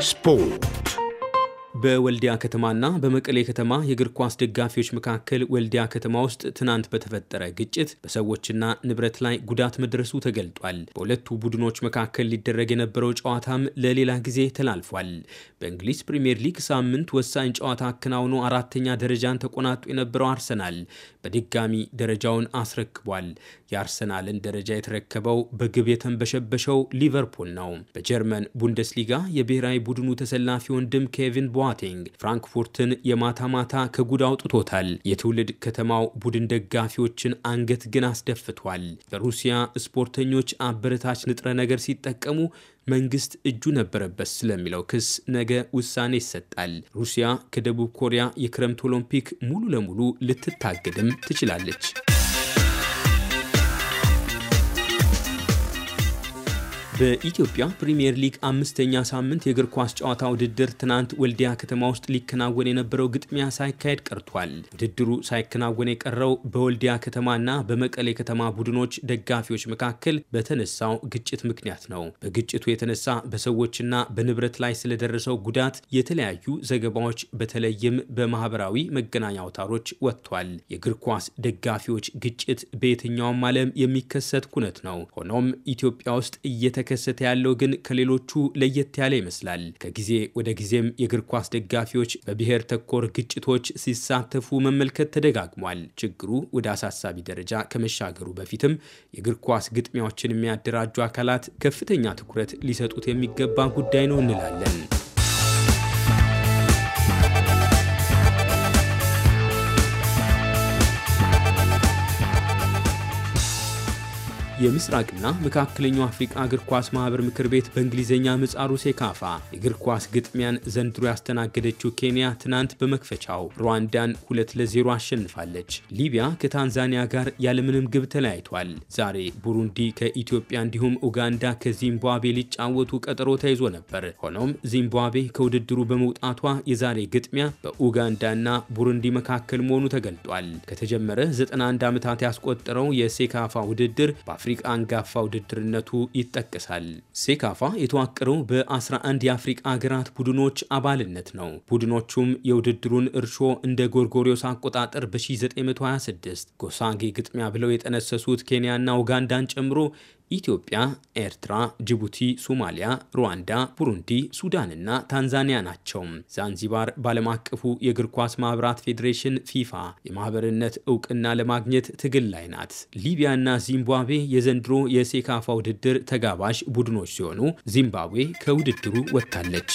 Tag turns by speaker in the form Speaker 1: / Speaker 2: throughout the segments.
Speaker 1: Sport. በወልዲያ ከተማና በመቀሌ ከተማ የእግር ኳስ ደጋፊዎች መካከል ወልዲያ ከተማ ውስጥ ትናንት በተፈጠረ ግጭት በሰዎችና ንብረት ላይ ጉዳት መድረሱ ተገልጧል። በሁለቱ ቡድኖች መካከል ሊደረግ የነበረው ጨዋታም ለሌላ ጊዜ ተላልፏል። በእንግሊዝ ፕሪምየር ሊግ ሳምንት ወሳኝ ጨዋታ አከናውኖ አራተኛ ደረጃን ተቆናጦ የነበረው አርሰናል በድጋሚ ደረጃውን አስረክቧል። የአርሰናልን ደረጃ የተረከበው በግብ የተንበሸበሸው ሊቨርፑል ነው። በጀርመን ቡንደስሊጋ የብሔራዊ ቡድኑ ተሰላፊ ወንድም ኬቪን ቦ ሞዋቴንግ ፍራንክፉርትን የማታ ማታ ከጉድ አውጥቶታል። የትውልድ ከተማው ቡድን ደጋፊዎችን አንገት ግን አስደፍቷል። በሩሲያ ስፖርተኞች አበረታች ንጥረ ነገር ሲጠቀሙ መንግስት እጁ ነበረበት ስለሚለው ክስ ነገ ውሳኔ ይሰጣል። ሩሲያ ከደቡብ ኮሪያ የክረምት ኦሎምፒክ ሙሉ ለሙሉ ልትታገድም ትችላለች። በኢትዮጵያ ፕሪምየር ሊግ አምስተኛ ሳምንት የእግር ኳስ ጨዋታ ውድድር ትናንት ወልዲያ ከተማ ውስጥ ሊከናወን የነበረው ግጥሚያ ሳይካሄድ ቀርቷል። ውድድሩ ሳይከናወን የቀረው በወልዲያ ከተማና በመቀሌ ከተማ ቡድኖች ደጋፊዎች መካከል በተነሳው ግጭት ምክንያት ነው። በግጭቱ የተነሳ በሰዎችና በንብረት ላይ ስለደረሰው ጉዳት የተለያዩ ዘገባዎች በተለይም በማህበራዊ መገናኛ አውታሮች ወጥቷል። የእግር ኳስ ደጋፊዎች ግጭት በየትኛውም ዓለም የሚከሰት ኩነት ነው። ሆኖም ኢትዮጵያ ውስጥ እየተ እየተከሰተ ያለው ግን ከሌሎቹ ለየት ያለ ይመስላል። ከጊዜ ወደ ጊዜም የእግር ኳስ ደጋፊዎች በብሔር ተኮር ግጭቶች ሲሳተፉ መመልከት ተደጋግሟል። ችግሩ ወደ አሳሳቢ ደረጃ ከመሻገሩ በፊትም የእግር ኳስ ግጥሚያዎችን የሚያደራጁ አካላት ከፍተኛ ትኩረት ሊሰጡት የሚገባ ጉዳይ ነው እንላለን። የምስራቅና መካከለኛው አፍሪቃ እግር ኳስ ማህበር ምክር ቤት በእንግሊዝኛ ምጻሩ ሴካፋ የእግር ኳስ ግጥሚያን ዘንድሮ ያስተናገደችው ኬንያ ትናንት በመክፈቻው ሩዋንዳን ሁለት ለዜሮ አሸንፋለች። ሊቢያ ከታንዛኒያ ጋር ያለምንም ግብ ተለያይቷል። ዛሬ ቡሩንዲ ከኢትዮጵያ እንዲሁም ኡጋንዳ ከዚምባብዌ ሊጫወቱ ቀጠሮ ተይዞ ነበር። ሆኖም ዚምባብዌ ከውድድሩ በመውጣቷ የዛሬ ግጥሚያ በኡጋንዳና ቡሩንዲ መካከል መሆኑ ተገልጧል። ከተጀመረ 91 ዓመታት ያስቆጠረው የሴካፋ ውድድር በአፍሪ የአፍሪቃ አንጋፋ ውድድርነቱ ይጠቀሳል። ሴካፋ የተዋቀረው በ11 የአፍሪቃ ሀገራት ቡድኖች አባልነት ነው። ቡድኖቹም የውድድሩን እርሾ እንደ ጎርጎሪዮስ አቆጣጠር በ1926 ጎሳጌ ግጥሚያ ብለው የጠነሰሱት ኬንያና ኡጋንዳን ጨምሮ ኢትዮጵያ፣ ኤርትራ፣ ጅቡቲ፣ ሶማሊያ፣ ሩዋንዳ፣ ቡሩንዲ፣ ሱዳን እና ታንዛኒያ ናቸው። ዛንዚባር በዓለም አቀፉ የእግር ኳስ ማህበራት ፌዴሬሽን ፊፋ የማህበርነት እውቅና ለማግኘት ትግል ላይ ናት። ሊቢያና ዚምባብዌ የዘንድሮ የሴካፋ ውድድር ተጋባዥ ቡድኖች ሲሆኑ ዚምባብዌ ከውድድሩ ወጥታለች።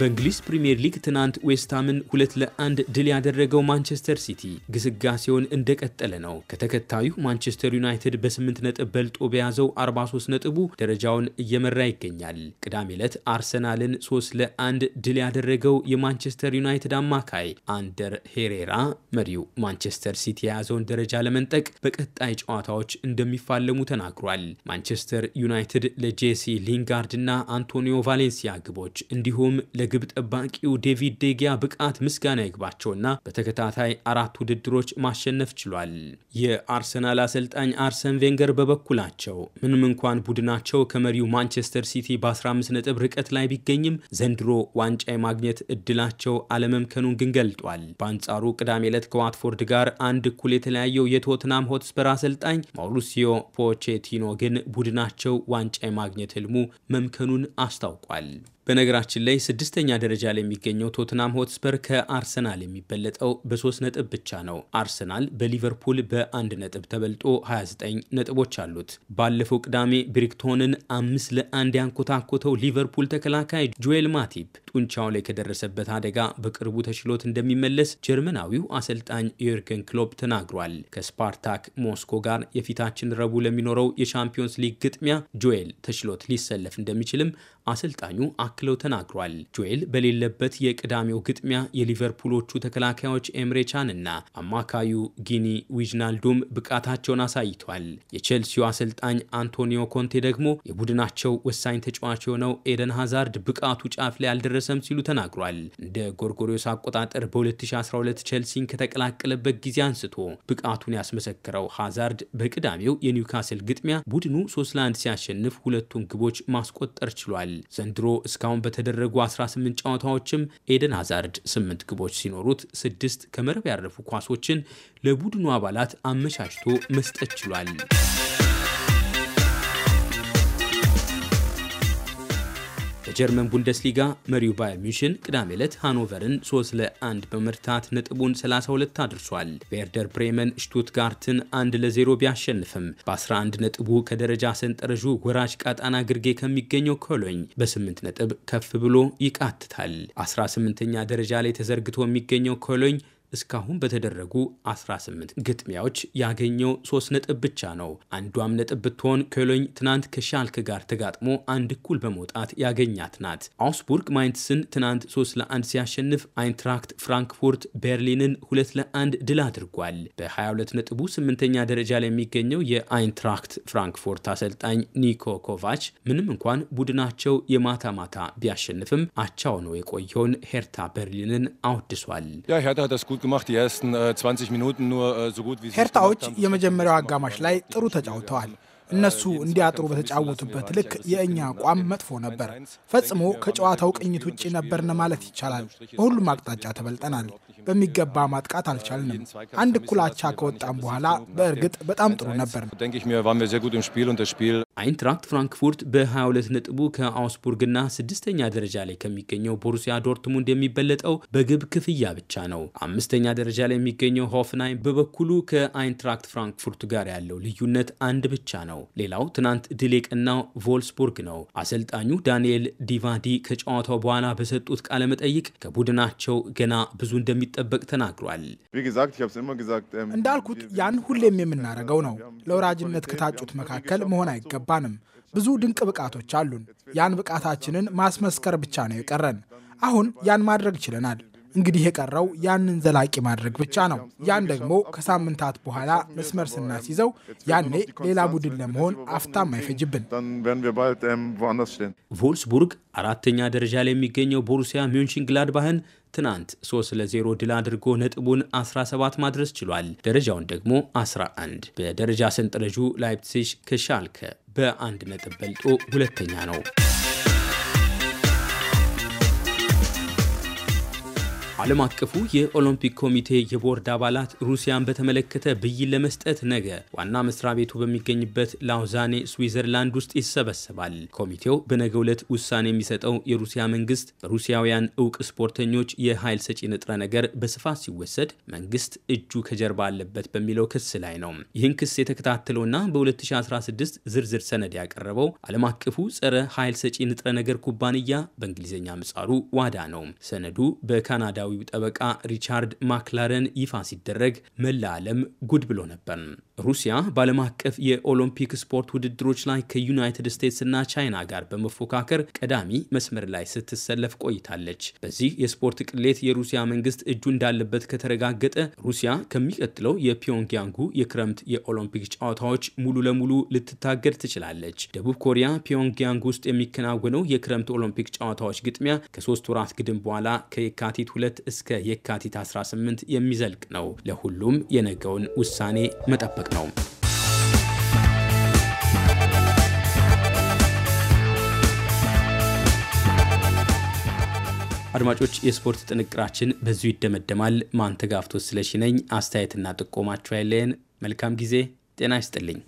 Speaker 1: በእንግሊዝ ፕሪምየር ሊግ ትናንት ዌስትሃምን ሁለት ለአንድ ድል ያደረገው ማንቸስተር ሲቲ ግስጋሴውን እንደቀጠለ ነው። ከተከታዩ ማንቸስተር ዩናይትድ በ8 ነጥብ በልጦ በያዘው 43 ነጥቡ ደረጃውን እየመራ ይገኛል። ቅዳሜ ዕለት አርሰናልን 3 ለአንድ ድል ያደረገው የማንቸስተር ዩናይትድ አማካይ አንደር ሄሬራ መሪው ማንቸስተር ሲቲ የያዘውን ደረጃ ለመንጠቅ በቀጣይ ጨዋታዎች እንደሚፋለሙ ተናግሯል። ማንቸስተር ዩናይትድ ለጄሲ ሊንጋርድ እና አንቶኒዮ ቫሌንሲያ ግቦች እንዲሁም ለ የግብ ጠባቂው ዴቪድ ዴጊያ ብቃት ምስጋና ይግባቸውና በተከታታይ አራት ውድድሮች ማሸነፍ ችሏል። የአርሰናል አሰልጣኝ አርሰን ቬንገር በበኩላቸው ምንም እንኳን ቡድናቸው ከመሪው ማንቸስተር ሲቲ በ15 ነጥብ ርቀት ላይ ቢገኝም ዘንድሮ ዋንጫ የማግኘት እድላቸው አለመምከኑን ግን ገልጧል። በአንጻሩ ቅዳሜ ዕለት ከዋትፎርድ ጋር አንድ እኩል የተለያየው የቶትናም ሆትስፐር አሰልጣኝ ማውሪሲዮ ፖቼቲኖ ግን ቡድናቸው ዋንጫ የማግኘት ህልሙ መምከኑን አስታውቋል። በነገራችን ላይ ስድስተኛ ደረጃ ላይ የሚገኘው ቶትናም ሆትስፐር ከአርሰናል የሚበለጠው በሶስት ነጥብ ብቻ ነው። አርሰናል በሊቨርፑል በአንድ ነጥብ ተበልጦ 29 ነጥቦች አሉት። ባለፈው ቅዳሜ ብሪክቶንን አምስት ለአንድ ያንኮታኮተው ሊቨርፑል ተከላካይ ጆኤል ማቲፕ ጡንቻው ላይ ከደረሰበት አደጋ በቅርቡ ተችሎት እንደሚመለስ ጀርመናዊው አሰልጣኝ ዮርገን ክሎፕ ተናግሯል። ከስፓርታክ ሞስኮ ጋር የፊታችን ረቡዕ ለሚኖረው የቻምፒዮንስ ሊግ ግጥሚያ ጆኤል ተችሎት ሊሰለፍ እንደሚችልም አሰልጣኙ አክለው ተናግሯል። ጆኤል በሌለበት የቅዳሜው ግጥሚያ የሊቨርፑሎቹ ተከላካዮች ኤምሬቻን እና አማካዩ ጊኒ ዊጅናልዱም ብቃታቸውን አሳይቷል። የቼልሲው አሰልጣኝ አንቶኒዮ ኮንቴ ደግሞ የቡድናቸው ወሳኝ ተጫዋች የሆነው ኤደን ሃዛርድ ብቃቱ ጫፍ ላይ አልደረሰም ሲሉ ተናግሯል። እንደ ጎርጎሪዮስ አቆጣጠር በ2012 ቼልሲን ከተቀላቀለበት ጊዜ አንስቶ ብቃቱን ያስመሰክረው ሃዛርድ በቅዳሜው የኒውካስል ግጥሚያ ቡድኑ 3 ለ1 ሲያሸንፍ ሁለቱን ግቦች ማስቆጠር ችሏል። ዘንድሮ እስካሁን በተደረጉ 18 ጨዋታዎችም ኤደን አዛርድ 8 ግቦች ሲኖሩት ስድስት ከመረብ ያረፉ ኳሶችን ለቡድኑ አባላት አመቻችቶ መስጠት ችሏል። በጀርመን ቡንደስሊጋ መሪው ባየር ሚሽን ቅዳሜ ዕለት ሃኖቨርን 3 ለ1 በመርታት ነጥቡን 32 አድርሷል። ቬርደር ብሬመን ሽቱትጋርትን 1 ለ0 ቢያሸንፍም በ11 ነጥቡ ከደረጃ ሰንጠረዡ ወራጅ ቀጣና ግርጌ ከሚገኘው ኮሎኝ በ8 ነጥብ ከፍ ብሎ ይቃትታል። 18ኛ ደረጃ ላይ ተዘርግቶ የሚገኘው ኮሎኝ እስካሁን በተደረጉ 18 ግጥሚያዎች ያገኘው ሶስት ነጥብ ብቻ ነው። አንዷም ነጥብ ብትሆን ኮሎኝ ትናንት ከሻልክ ጋር ተጋጥሞ አንድ እኩል በመውጣት ያገኛት ናት። አውስቡርግ ማይንትስን ትናንት 3 ለአንድ ሲያሸንፍ አይንትራክት ፍራንክፉርት ቤርሊንን 2 ለአንድ ድል አድርጓል። በ22 ነጥቡ ስምንተኛ ደረጃ ላይ የሚገኘው የአይንትራክት ፍራንክፉርት አሰልጣኝ ኒኮ ኮቫች ምንም እንኳን ቡድናቸው የማታ ማታ ቢያሸንፍም አቻው ነው የቆየውን ሄርታ በርሊንን አወድሷል። gut gemacht. Die ersten 20 äh, Minuten nur äh, so gut wie sie የመጀመሪያው አጋማሽ ላይ ጥሩ ተጫውተዋል። እነሱ äh, እንዲያጥሩ በተጫወቱበት ልክ የእኛ አቋም መጥፎ ነበር። ፈጽሞ ከጨዋታው ቅኝት ውጭ ነበርን ማለት ይቻላል። በሁሉም አቅጣጫ ተበልጠናል። በሚገባ ማጥቃት አልቻልንም። አንድ እኩል አቻ ከወጣም በኋላ በእርግጥ በጣም ጥሩ ነበር። አይንትራክት ፍራንክፉርት በ22 ነጥቡ ከአውስቡርግና ስድስተኛ ደረጃ ላይ ከሚገኘው ቦሩሲያ ዶርትሙንድ የሚበለጠው በግብ ክፍያ ብቻ ነው። አምስተኛ ደረጃ ላይ የሚገኘው ሆፍናይም በበኩሉ ከአይንትራክት ፍራንክፉርት ጋር ያለው ልዩነት አንድ ብቻ ነው። ሌላው ትናንት ድል የቀናው ቮልስቡርግ ነው። አሰልጣኙ ዳንኤል ዲቫዲ ከጨዋታው በኋላ በሰጡት ቃለ መጠይቅ ከቡድናቸው ገና ብዙ እንደሚጠበቅ ተናግሯል። ähm, እንዳልኩት ያን ሁሌም የምናደርገው ነው። ለወራጅነት ከታጩት መካከል መሆን አይገባል አልገባንም። ብዙ ድንቅ ብቃቶች አሉን። ያን ብቃታችንን ማስመስከር ብቻ ነው የቀረን። አሁን ያን ማድረግ ችለናል። እንግዲህ የቀረው ያንን ዘላቂ ማድረግ ብቻ ነው። ያን ደግሞ ከሳምንታት በኋላ መስመር ስናስይዘው ያኔ ሌላ ቡድን ለመሆን አፍታም አይፈጅብን። ቮልስቡርግ አራተኛ ደረጃ ላይ የሚገኘው ቦሩሲያ ሚንሽን ግላድባህን ትናንት 3 ለ0 ድል አድርጎ ነጥቡን 17 ማድረስ ችሏል። ደረጃውን ደግሞ 11 በደረጃ ሰንጠረዡ ላይፕሲሽ ከሻልከ በአንድ ነጥብ በልጦ ሁለተኛ ነው። ዓለም አቀፉ የኦሎምፒክ ኮሚቴ የቦርድ አባላት ሩሲያን በተመለከተ ብይን ለመስጠት ነገ ዋና መስሪያ ቤቱ በሚገኝበት ላውዛኔ ስዊዘርላንድ ውስጥ ይሰበሰባል። ኮሚቴው በነገ ዕለት ውሳኔ የሚሰጠው የሩሲያ መንግስት በሩሲያውያን እውቅ ስፖርተኞች የኃይል ሰጪ ንጥረ ነገር በስፋት ሲወሰድ መንግስት እጁ ከጀርባ አለበት በሚለው ክስ ላይ ነው። ይህን ክስ የተከታተለውና በ2016 ዝርዝር ሰነድ ያቀረበው ዓለም አቀፉ ጸረ ኃይል ሰጪ ንጥረ ነገር ኩባንያ በእንግሊዝኛ ምጻሩ ዋዳ ነው። ሰነዱ በካናዳዊ ጠበቃ ሪቻርድ ማክላረን ይፋ ሲደረግ መላ ዓለም ጉድ ብሎ ነበር። ሩሲያ በዓለም አቀፍ የኦሎምፒክ ስፖርት ውድድሮች ላይ ከዩናይትድ ስቴትስ እና ቻይና ጋር በመፎካከር ቀዳሚ መስመር ላይ ስትሰለፍ ቆይታለች። በዚህ የስፖርት ቅሌት የሩሲያ መንግስት እጁ እንዳለበት ከተረጋገጠ ሩሲያ ከሚቀጥለው የፒዮንግያንጉ የክረምት የኦሎምፒክ ጨዋታዎች ሙሉ ለሙሉ ልትታገድ ትችላለች። ደቡብ ኮሪያ ፒዮንግያንግ ውስጥ የሚከናወነው የክረምት ኦሎምፒክ ጨዋታዎች ግጥሚያ ከሶስት ወራት ግድም በኋላ ከየካቲት 2 እስከ የካቲት 18 የሚዘልቅ ነው። ለሁሉም የነገውን ውሳኔ መጠበቅ የሚደነቅ ነው። አድማጮች፣ የስፖርት ጥንቅራችን በዚሁ ይደመደማል። ማንተጋፍቶ ስለሺ ነኝ። አስተያየትና ጥቆማችሁ አይለየን። መልካም ጊዜ። ጤና ይስጥልኝ።